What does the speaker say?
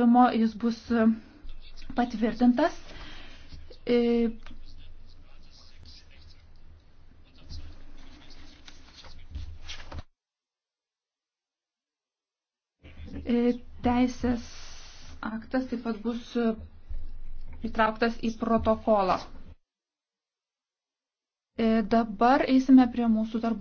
taupimo, jis bus e, patvirtintas. E, e, teisės aktas taip pat bus įtrauktas į protokolą. Dabar eisime prie mūsų darbų.